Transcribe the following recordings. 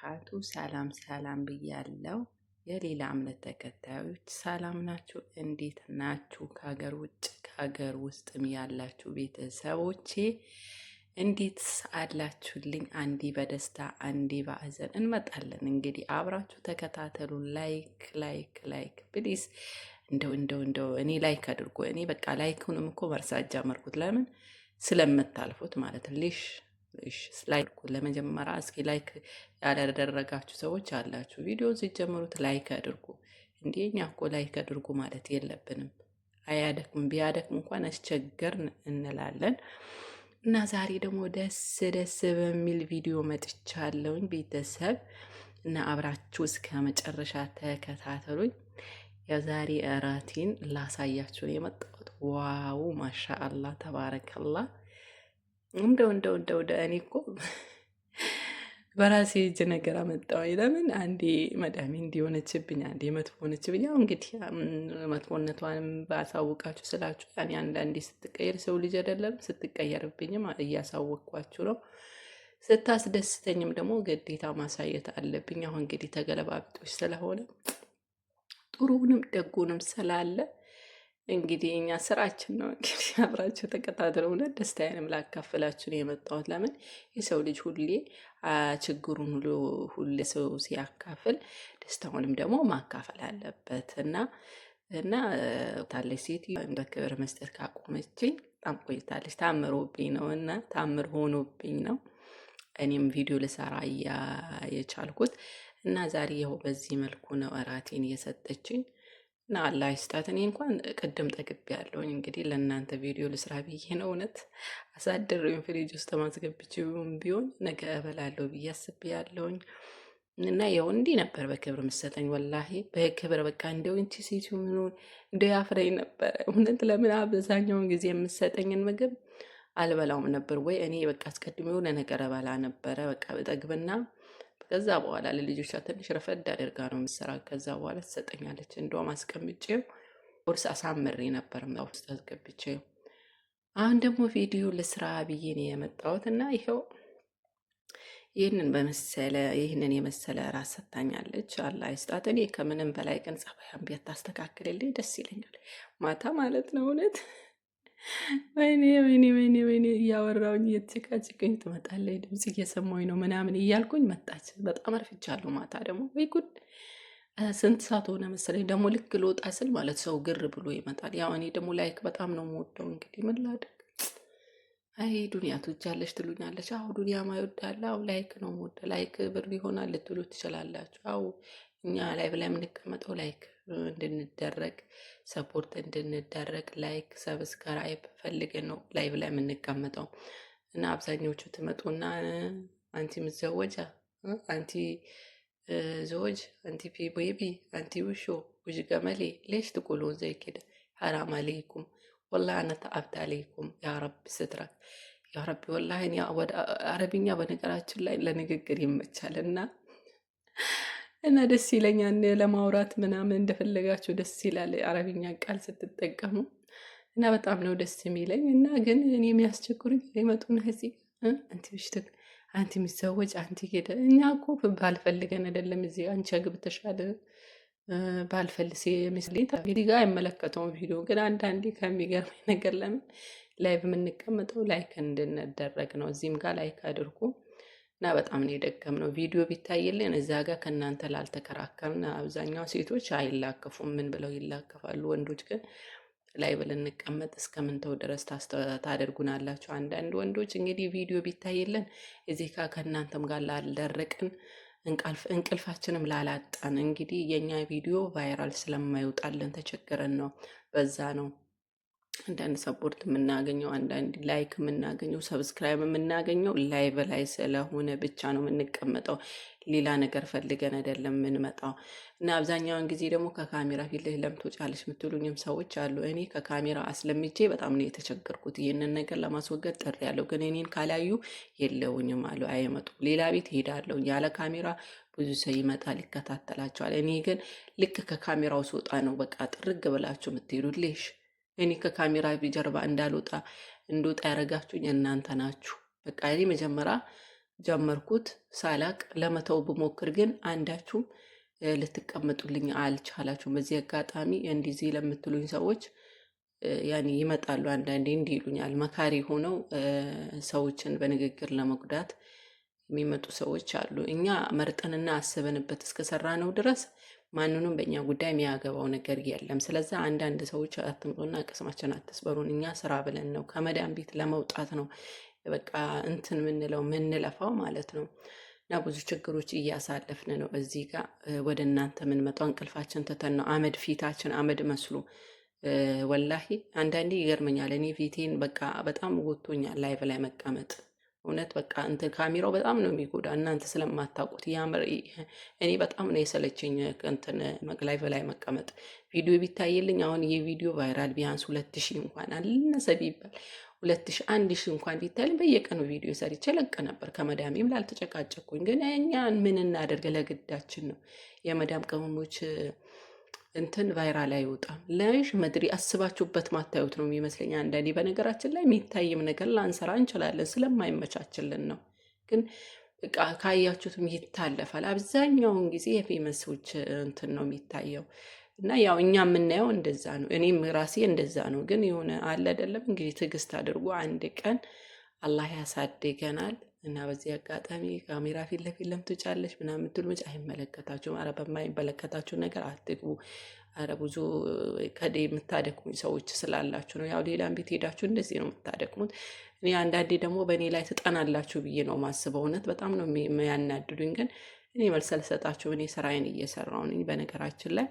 ካቱ ሰላም ሰላም ብያለው። የሌላ እምነት ተከታዮች ሰላም ናችሁ? እንዴት ናችሁ? ከሀገር ውጭ ከሀገር ውስጥም ያላችሁ ቤተሰቦቼ እንዴት አላችሁልኝ? አንዴ በደስታ አንዴ በአዘን እንመጣለን። እንግዲህ አብራችሁ ተከታተሉ። ላይክ ላይክ ላይክ ፕሊስ። እንደው እንደው እንደው እኔ ላይክ አድርጎ እኔ በቃ ላይክ ሁንም እኮ መርሳጃ መርኩት። ለምን ስለምታልፉት ማለት ልሽ ላይክ ለመጀመሪያ እስኪ ላይክ ያላደረጋችሁ ሰዎች አላችሁ። ቪዲዮ ሲጀምሩት ላይክ አድርጉ። እንዲኛ እኛ እኮ ላይክ አድርጉ ማለት የለብንም። አያደክም፣ ቢያደክም እንኳን አስቸገር እንላለን። እና ዛሬ ደግሞ ደስ ደስ በሚል ቪዲዮ መጥቻለሁኝ ቤተሰብ እና አብራችሁ እስከ መጨረሻ ተከታተሉኝ። የዛሬ እራቴን ላሳያችሁ የመጣሁት ዋው፣ ማሻአላ ተባረከላ እንደው እንደው እንደው እኔ እኮ በራሴ እጅ ነገር አመጣው። ለምን አንዴ መዳሜ እንዲሆነችብኝ አንዴ መጥፎ ሆነችብኝ። አሁ እንግዲህ መጥፎነቷንም ባሳውቃችሁ ስላችሁ ያኔ አንዳንዴ ስትቀየር ሰው ልጅ አይደለም ስትቀየርብኝም እያሳወቅኳችሁ ነው። ስታስደስተኝም ደግሞ ግዴታ ማሳየት አለብኝ። አሁን እንግዲህ ተገለባብጦች ስለሆነ ጥሩንም ደጉንም ስላለ እንግዲህ እኛ ስራችን ነው። እንግዲህ አብራችሁ ተከታተሉ። እውነት ደስታዬንም ላካፍላችሁ ነው የመጣሁት። ለምን የሰው ልጅ ሁሌ ችግሩን ሁሉ ሁሌ ሰው ሲያካፍል ደስታውንም ደግሞ ማካፈል አለበት እና እና ታለች ሴት በክብር መስጠት ካቆመችኝ በጣም ቆይታለች። ታምሮብኝ ነው እና ታምር ሆኖብኝ ነው እኔም ቪዲዮ ልሰራ እያ የቻልኩት እና ዛሬ ይኸው በዚህ መልኩ ነው እራቴን እየሰጠችኝ እና አላህ ይስጣት። እኔ እንኳን ቅድም ያለውኝ እንግዲህ ለእናንተ ቪዲዮ ልስራ ብዬ ነው እውነት ወይም ፍሪጅ ውስጥ ማስገብቼውም ቢሆን ነገ እበላለሁ ብዬ ያለውኝ እና ያው እንዲህ ነበር በክብር ምሰጠኝ። ወላሂ በክብር በቃ እንደው እንቺ ሴት ምኑን እንደ ያፍረኝ ነበረ እውነት። ለምን አብዛኛውን ጊዜ የምሰጠኝን ምግብ አልበላውም ነበር ወይ እኔ በቃ አስቀድሞ የሆነ ነገር እበላ ነበረ በቃ በጠግብና ከዛ በኋላ ለልጆቿ ትንሽ ረፈድ አድርጋ ነው የምሰራ። ከዛ በኋላ ትሰጠኛለች። እንደውም አስቀምጬው ቁርስ አሳምሬ ነበር ውስጥ አስገብቼው። አሁን ደግሞ ቪዲዮ ለስራ ብዬ ነው የመጣሁት እና ይኸው ይህንን በመሰለ ይህንን የመሰለ ራስ ሰታኛለች። አላ ይስጣት። እኔ ከምንም በላይ ቀን ጸባይ ቢያታስተካክልልኝ ደስ ይለኛል። ማታ ማለት ነው እውነት ወይኔ ወይኔ ወይኔ ወይኔ እያወራውኝ እየተጨቃጨቀኝ ትመጣለች። ድምፅ እየሰማኝ ነው ምናምን እያልኩኝ መጣች። በጣም አርፍቻለሁ። ማታ ደግሞ ወይ ጉድ ስንት ሰዓት ሆነ መሰለኝ። ደግሞ ልክ ልወጣ ስል ማለት ሰው ግር ብሎ ይመጣል። ያው እኔ ደግሞ ላይክ በጣም ነው የምወደው። እንግዲህ ምን ላድርግ? አይ ዱኒያ ትወጃለች ትሉኛለች። አሁ ዱኒያ ማይወዳለ አሁ ላይክ ነው የምወደ ላይክ ብር ይሆናል ልትሉ ትችላላችሁ። አሁ እኛ ላይ ብላይ የምንቀመጠው ላይክ እንድንደረግ ሰፖርት እንድንደረግ ላይክ ሰብስክራይብ ፈልገን ነው ላይቭ ላይ የምንቀመጠው እና አብዛኞቹ ትመጡና አንቲ ምዘወጃ አንቲ ዘወጅ አንቲ ቤቢ አንቲ ውሾ ውዥ ገመሌ ሌሽ ትቁሉን ዘይክድ ሐራም አለይኩም ወላ አነ ተአብት አለይኩም ያረብ ስትረክ ያረቢ ወላ ወደ አረብኛ በነገራችን ላይ ለንግግር ይመቻል እና እና ደስ ይለኛል ለማውራት ምናምን እንደፈለጋቸው ደስ ይላል አረብኛ ቃል ስትጠቀሙ እና በጣም ነው ደስ የሚለኝ። እና ግን እኔ የሚያስቸግሩኝ ይመጡና እዚህ አንቲ ብሽትክ አንቲ የሚሰወጭ አንቲ ሄደ እኛ እኮ ባልፈልገን አይደለም እዚ አንቺ አግብተሻል ባልፈልስ የሚስሌት እንግዲህ ጋር አይመለከተውም ቪዲዮ ግን አንዳንዴ ከሚገርመኝ ነገር ለምን ላይቭ የምንቀመጠው ላይክ እንድንደረግ ነው። እዚህም ጋር ላይክ አድርጉ። እና በጣም ነው የደከም ነው። ቪዲዮ ቢታይልን እዛ ጋር ከእናንተ ላልተከራከርን። አብዛኛው ሴቶች አይላከፉም ምን ብለው ይላከፋሉ። ወንዶች ግን ላይ ብለን እንቀመጥ እስከምንተው ድረስ ታደርጉናላችሁ። አንዳንድ ወንዶች እንግዲህ ቪዲዮ ቢታይልን እዚህ ጋር ከእናንተም ጋር ላልደረቅን እንቅልፋችንም ላላጣን እንግዲህ የእኛ ቪዲዮ ቫይራል ስለማይወጣልን ተቸግረን ነው። በዛ ነው አንዳንድ ሰፖርት የምናገኘው አንዳንድ ላይክ የምናገኘው ሰብስክራይብ የምናገኘው ላይ በላይ ስለሆነ ብቻ ነው የምንቀመጠው። ሌላ ነገር ፈልገን አይደለም የምንመጣው እና አብዛኛውን ጊዜ ደግሞ ከካሜራ ፊት ለፊት የምትሉኝም ሰዎች አሉ። እኔ ከካሜራ አስለምቼ በጣም ነው የተቸገርኩት። ይህንን ነገር ለማስወገድ ጥሪ ያለው ግን እኔን ካላዩ የለውኝም አሉ አይመጡ። ሌላ ቤት ሄዳለሁ ያለ ካሜራ ብዙ ሰው ይመጣል፣ ይከታተላቸዋል። እኔ ግን ልክ ከካሜራው ስወጣ ነው በቃ ጥርግ ብላችሁ የምትሄዱልሽ እኔ ከካሜራ ጀርባ እንዳልወጣ እንድወጣ ያደረጋችሁኝ እናንተ ናችሁ። በቃ እኔ መጀመሪያ ጀመርኩት ሳላቅ ለመተው ብሞክር ግን አንዳችሁም ልትቀመጡልኝ አልቻላችሁም። በዚህ አጋጣሚ እንዲዚህ ለምትሉኝ ሰዎች ያኔ ይመጣሉ አንዳንዴ እንዲህ ይሉኛል። መካሪ ሆነው ሰዎችን በንግግር ለመጉዳት የሚመጡ ሰዎች አሉ። እኛ መርጠንና አስበንበት እስከሰራ ነው ድረስ ማንንም በእኛ ጉዳይ የሚያገባው ነገር የለም። ስለዛ አንዳንድ ሰዎች አትምጡና ቅስማችን አትስበሩን፣ እኛ ስራ ብለን ነው ከመዳን ቤት ለመውጣት ነው በቃ እንትን ምንለው ምንለፋው ማለት ነው። እና ብዙ ችግሮች እያሳለፍን ነው። እዚህ ጋር ወደ እናንተ የምንመጣው እንቅልፋችን ትተን ነው። አመድ ፊታችን አመድ መስሉ ወላሂ አንዳንዴ ይገርመኛል። እኔ ፊቴን በቃ በጣም ጎቶኛል ላይቭ ላይ መቀመጥ እውነት በቃ እንትን ካሜራው በጣም ነው የሚጎዳ። እናንተ ስለማታውቁት ያምር። እኔ በጣም ነው የሰለችኝ እንትን መቅላይ በላይ መቀመጥ ቪዲዮ ቢታየልኝ አሁን ይህ ቪዲዮ ቫይራል ቢያንስ ሁለት ሺህ እንኳን አልነሰ ቢባል ሁለት ሺህ አንድ ሺህ እንኳን ቢታይልኝ በየቀኑ ቪዲዮ ሰርቼ ለቅ ነበር። ከመዳሜም ላልተጨቃጨኩኝ። ግን እኛን ምን እናደርግ ለግዳችን ነው የመዳም ቅመሞች እንትን ቫይራል አይወጣም። ለሽ መድሪ አስባችሁበት ማታዩት ነው የሚመስለኝ። አንዳንዴ በነገራችን ላይ የሚታይም ነገር ላንሰራ እንችላለን ስለማይመቻችልን ነው። ግን ካያችሁትም ይታለፋል። አብዛኛውን ጊዜ የፌመሶች እንትን ነው የሚታየው እና ያው እኛ የምናየው እንደዛ ነው። እኔም ራሴ እንደዛ ነው። ግን የሆነ አለ አይደለም እንግዲህ ትዕግስት አድርጎ አንድ ቀን አላህ ያሳድገናል። እና በዚህ አጋጣሚ ካሜራ ፊት ለፊት ለምትጫለች ምናምን የምትሉ መች አይመለከታችሁም። አረ በማይመለከታችሁ ነገር አትግቡ። አረ ብዙ ከዴ የምታደክሙ ሰዎች ስላላችሁ ነው። ያው ሌላም ቤት ሄዳችሁ እንደዚህ ነው የምታደክሙት። እኔ አንዳንዴ ደግሞ በእኔ ላይ ትጠናላችሁ ብዬ ነው ማስበው። እውነት በጣም ነው የሚያናድዱኝ ግን እኔ መልስ አልሰጣችሁም። እኔ ስራዬን እየሰራሁ ነኝ። በነገራችን ላይ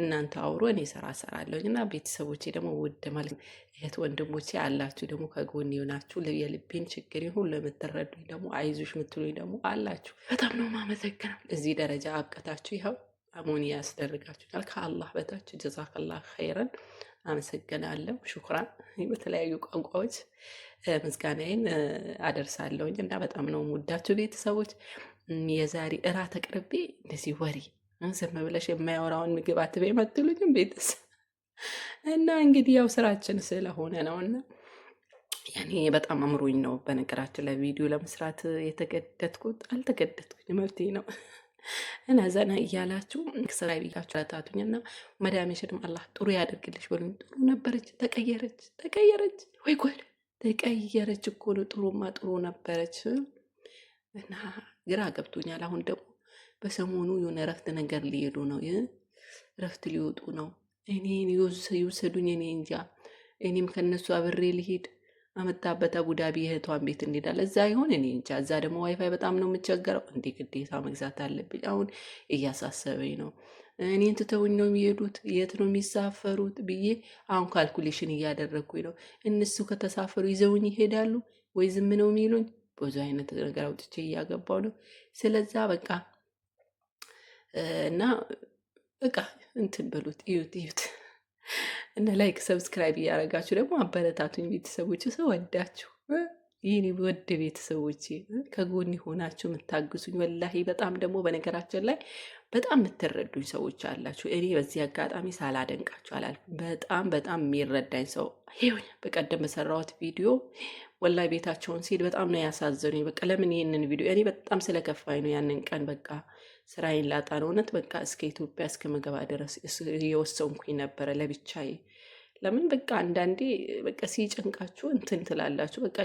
እናንተ አውሩ፣ እኔ ስራ እሰራለሁኝ እና ቤተሰቦቼ ደግሞ ውድ ማለት እህት ወንድሞቼ አላችሁ ደግሞ ከጎን የሆናችሁ የልቤን ችግር ሁሉ የምትረዱኝ ደግሞ አይዞሽ የምትሉኝ ደግሞ አላችሁ። በጣም ነው ማመሰግነው። እዚህ ደረጃ አብቅታችሁ ይኸው አሞኒ ያስደርጋችሁኛል። ከአላህ በታች ጀዛከላህ ኸይረን። አመሰግናለሁ። ሹክራን። በተለያዩ ቋንቋዎች ምስጋናዬን አደርሳለሁኝ እና በጣም ነው ሙዳችሁ ቤተሰቦች። የዛሬ እራት አቅርቤ እንደዚህ ወሬ ዝም ብለሽ የማያወራውን ምግብ አትበይ መትሉኝም ቤተሰብ እና እንግዲህ ያው ስራችን ስለሆነ ነው እና ያኔ በጣም አምሮኝ ነው። በነገራችን ላይ ቪዲዮ ለመስራት የተገደድኩት አልተገደድኩኝ መብቴ ነው። እና ዘና እያላችሁ ስራ ብያችሁ ለታቱኝ እና መዳሜሽንም አላህ ጥሩ ያደርግልሽ በሉኝ። ጥሩ ነበረች፣ ተቀየረች፣ ተቀየረች፣ ወይ ጎድ ተቀየረች እኮ ጥሩማ ጥሩ ነበረች እና ግራ ገብቶኛል። አሁን ደግሞ በሰሞኑ የሆነ እረፍት ነገር ሊሄዱ ነው፣ እረፍት ሊወጡ ነው። እኔን ይውሰዱኝ፣ እኔ እንጃ። እኔም ከነሱ አብሬ ልሂድ አመጣበት አቡዳቢ እህቷን ቤት እንሄዳለን። እዛ ይሆን እኔ እንጃ። እዛ ደግሞ ዋይፋይ በጣም ነው የምቸገረው። እንዴ ግዴታ መግዛት አለብኝ። አሁን እያሳሰበኝ ነው። እኔን ትተውኝ ነው የሚሄዱት? የት ነው የሚሳፈሩት ብዬ አሁን ካልኩሌሽን እያደረግኩኝ ነው። እነሱ ከተሳፈሩ ይዘውኝ ይሄዳሉ ወይ ዝም ነው የሚሉኝ? ብዙ አይነት ነገር አውጥቼ እያገባው ነው። ስለዛ በቃ እና በቃ እንትን በሉት እዩት እዩት እና ላይክ ሰብስክራይብ እያደረጋችሁ ደግሞ አበረታቱኝ ቤተሰቦች፣ ወዳችሁ ይህኔ ወድ ቤተሰቦች ከጎን የሆናችሁ የምታግሱኝ ወላሂ በጣም ደግሞ በነገራችን ላይ በጣም የምትረዱኝ ሰዎች አላችሁ። እኔ በዚህ አጋጣሚ ሳላደንቃችሁ አላልኩም። በጣም በጣም የሚረዳኝ ሰው ይሁን በቀደም በሰራሁት ቪዲዮ ወላይ ቤታቸውን ሲሄድ በጣም ነው ያሳዘኑኝ። በቃ ለምን ይህንን ቪዲዮ እኔ በጣም ስለከፋኝ ነው ያንን ቀን በቃ ስራዬን ላጣ ነው እውነት በቃ እስከ ኢትዮጵያ እስከ መገባ ድረስ እየወሰንኩኝ ነበረ ለብቻዬ። ለምን በቃ አንዳንዴ በቃ ሲጨንቃችሁ እንትን ትላላችሁ። በቃ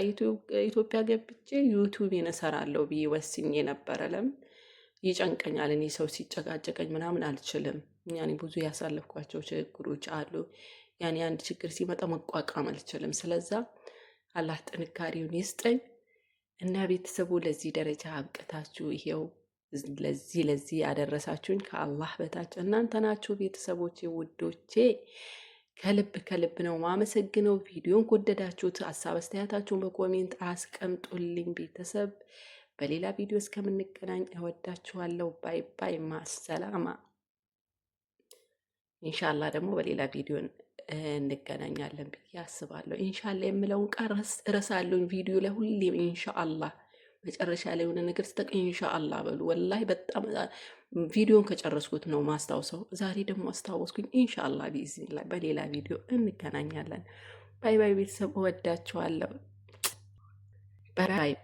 ኢትዮጵያ ገብቼ ዩቱብ እሰራለሁ ብዬ ወስኜ ነበረ። ለምን ይጨንቀኛል። እኔ ሰው ሲጨቃጨቀኝ ምናምን አልችልም። ያኔ ብዙ ያሳለፍኳቸው ችግሮች አሉ። ያኔ አንድ ችግር ሲመጣ መቋቋም አልችልም። ስለዛ አላህ ጥንካሬውን ይስጠኝ እና ቤተሰቡ ለዚህ ደረጃ አብቅታችሁ ይሄው ለዚህ ለዚህ ያደረሳችሁኝ ከአላህ በታች እናንተ ናችሁ ቤተሰቦቼ፣ ውዶቼ። ከልብ ከልብ ነው ማመሰግነው። ቪዲዮን ከወደዳችሁት ሀሳብ አስተያየታችሁን በኮሜንት አስቀምጡልኝ። ቤተሰብ በሌላ ቪዲዮ እስከምንገናኝ እወዳችኋለሁ። ባይ ባይ። ማሰላማ። ኢንሻላህ ደግሞ በሌላ ቪዲዮ እንገናኛለን ብዬ አስባለሁ። ኢንሻላ የምለውን ቃል እረሳለሁኝ። ቪዲዮ ላይ ሁሌም ኢንሻአላ መጨረሻ ላይ የሆነ ነገር ስጠቅ ኢንሻአላ በሉ። ወላሂ በጣም ቪዲዮን ከጨረስኩት ነው ማስታውሰው። ዛሬ ደግሞ አስታወስኩኝ። ኢንሻአላ ቢዝኒላ በሌላ ቪዲዮ እንገናኛለን። ባይ ባይ። ቤተሰብ እወዳችኋለሁ። በራይ